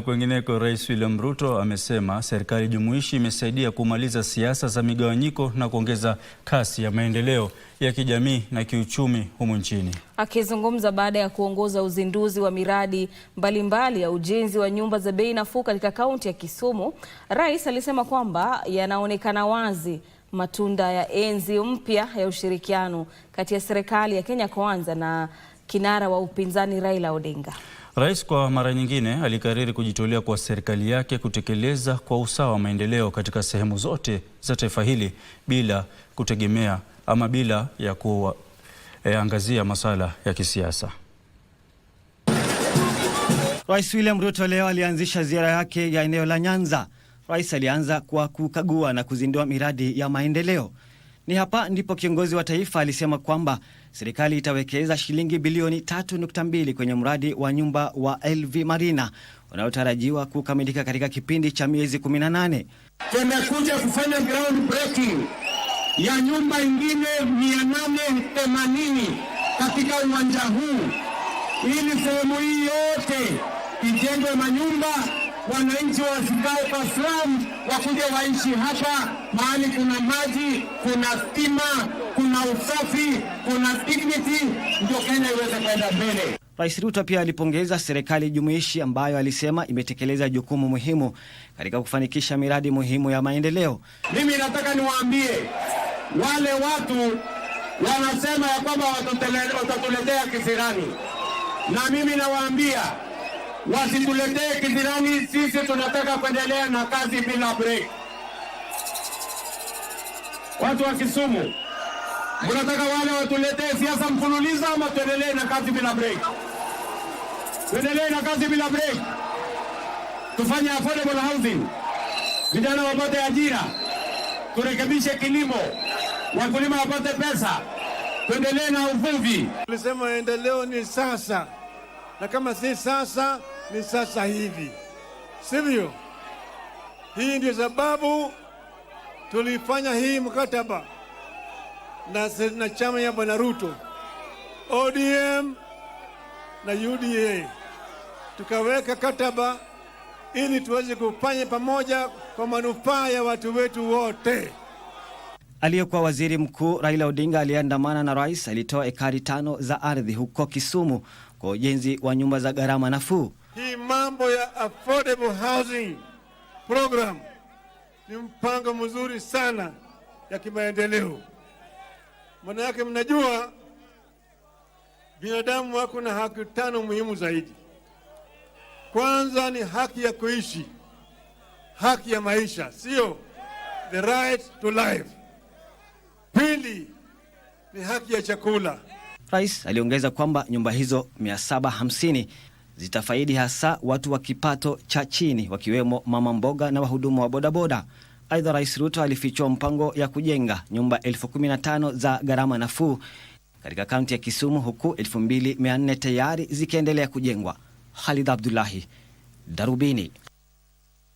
Kwengineko, Rais William Ruto amesema serikali jumuishi imesaidia kumaliza siasa za migawanyiko na kuongeza kasi ya maendeleo ya kijamii na kiuchumi humu nchini. Akizungumza baada ya kuongoza uzinduzi wa miradi mbalimbali ya ujenzi wa nyumba za bei nafuu katika kaunti ya Kisumu, Rais alisema kwamba yanaonekana wazi matunda ya enzi mpya ya ushirikiano kati ya serikali ya Kenya Kwanza na kinara wa upinzani Raila Odinga. Rais kwa mara nyingine alikariri kujitolea kwa serikali yake kutekeleza kwa usawa maendeleo katika sehemu zote za taifa hili bila kutegemea ama bila ya kuangazia eh, e, masuala ya kisiasa. Rais William Ruto leo alianzisha ziara yake ya eneo la Nyanza. Rais alianza kwa kukagua na kuzindua miradi ya maendeleo. Ni hapa ndipo kiongozi wa taifa alisema kwamba serikali itawekeza shilingi bilioni 3.2 kwenye mradi wa nyumba wa LV Marina unaotarajiwa kukamilika katika kipindi cha miezi 18. Tumekuja kufanya ground breaking ya nyumba ingine 880 katika uwanja huu ili sehemu hii yote ijengwe manyumba wananchi wasikae kwa slum, wakuja waishi hapa mahali kuna maji, kuna stima, kuna usafi, kuna dignity, ndio Kenya iweze kwenda mbele. Rais Ruto pia alipongeza serikali jumuishi ambayo alisema imetekeleza jukumu muhimu katika kufanikisha miradi muhimu ya maendeleo. Mimi nataka niwaambie wale watu wanasema ya kwamba watatuletea kisirani, na mimi nawaambia wasituletee kizirani. Sisi tunataka kuendelea na kazi bila break. Watu wa Kisumu, mnataka wale watuletee siasa mfululizo ama tuendelee na kazi bila break? Tuendelee na kazi bila break, tufanye affordable housing, vijana wapate ajira, turekebishe kilimo, wakulima wapate pesa, tuendelee na uvuvi. Tulisema endeleo ni sasa, na kama si sasa ni sasa hivi, sivyo? Hii ndio sababu tulifanya hii mkataba na, na chama ya Bwana Ruto ODM na UDA, tukaweka kataba ili tuweze kufanya pamoja kwa manufaa ya watu wetu wote. Aliyekuwa waziri mkuu Raila Odinga aliyeandamana na rais alitoa ekari tano za ardhi huko Kisumu kwa ujenzi wa nyumba za gharama nafuu. Hii mambo ya affordable housing program ni mpango mzuri sana ya kimaendeleo. Maana yake mnajua, binadamu wako na haki tano muhimu zaidi. Kwanza ni haki ya kuishi, haki ya maisha, sio the right to life. Pili ni haki ya chakula. Rais aliongeza kwamba nyumba hizo 750 zitafaidi hasa watu wa kipato cha chini wakiwemo mama mboga na wahudumu wa bodaboda. Aidha, Rais Ruto alifichua mpango ya kujenga nyumba elfu kumi na tano za gharama nafuu katika kaunti ya Kisumu, huku 24 tayari zikiendelea kujengwa. Halid Abdullahi, Darubini.